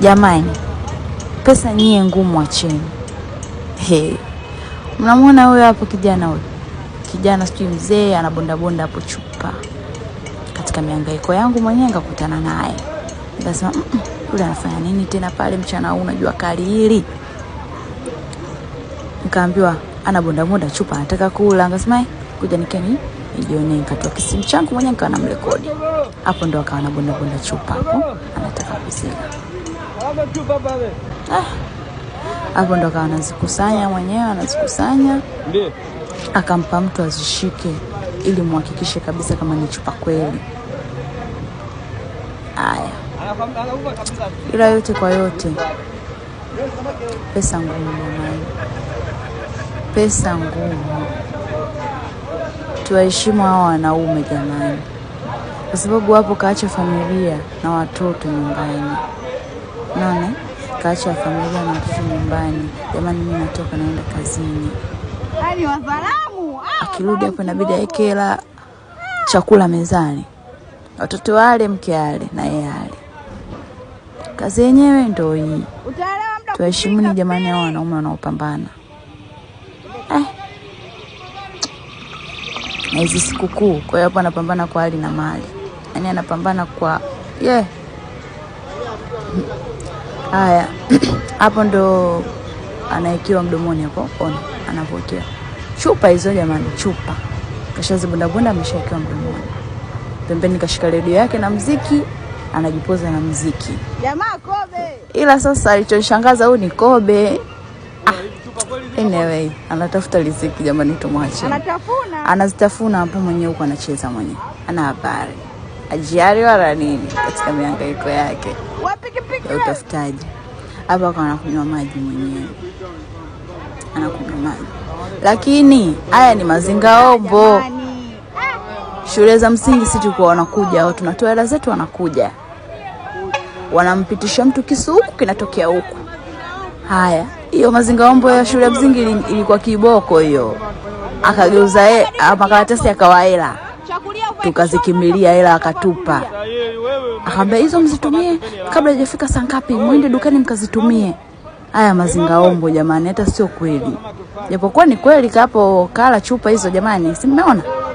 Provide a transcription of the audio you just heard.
Jamani, pesa nyie ngumu, acheni. mnamwona huyo hapo kijana, huyo kijana sijui mzee anabondabonda hapo chupa. Katika mihangaiko yangu mwenyewe nikakutana naye nikasema, yule anafanya nini tena pale mchana huu, unajua kali hili? Nikaambiwa anabondabonda chupa, anataka kula. Nikasema eh, kuja nikeni nijione, nikatoa kisimu changu mwenyewe nikawa namrekodi hapo ndo akawa anabondabonda chupa hapo anataka kuzila ah, hapo ah, ndo akawa anazikusanya mwenyewe anazikusanya akampa mtu azishike ili muhakikishe kabisa kama ni chupa kweli. Haya, ila yote kwa yote, pesa ngumu jamani, pesa ngumu. Tuwaheshimu hawa wanaume jamani kwa sababu hapo kaacha familia na watoto nyumbani. Naona kaacha familia na watoto nyumbani, jamani, mimi natoka naenda kazini. Akirudi hapo inabidi hela chakula mezani, watoto wale, mke ale na yeye ale. Kazi yenyewe ndio hii. Tuheshimuni jamani, hao wanaume wanaopambana eh. Na hizi sikukuu, kwa hiyo hapo anapambana kwa hali na mali yani anapambana kwa yeah. Haya, hapo ndo anaekiwa mdomoni hapo, ona anavyokiwa chupa hizo jamani, chupa kashazibundabunda, ameshaekiwa mdomoni. Pembeni kashika redio yake na mziki, anajipoza na mziki jamaa kobe. Ila sasa alichoshangaza huyu ni kobe. Ah, anyway, anatafuta riziki jamani, tumwache anatafuna, anazitafuna hapo mwenyewe, huko anacheza mwenyewe, ana habari ajiari wala nini katika miangaiko yake ya utafutaji. Hapa kwa anakunywa maji mwenyewe, anakunywa maji, lakini haya ni mazingaombo. Shule za msingi si wanakuja tunatoa hela zetu, wanakuja wanampitisha mtu kisu huku kinatokea huku. Haya, hiyo mazingaombo ya shule ya msingi ilikuwa kiboko hiyo, akageuza e- makaratasi akawaela tukazikimilia hela akatupa, akaambia hizo mzitumie kabla hajafika saa ngapi, mwende dukani mkazitumie. Haya mazingaombo jamani, hata sio kweli, japokuwa ni kweli. Kapo kala chupa hizo jamani, simmeona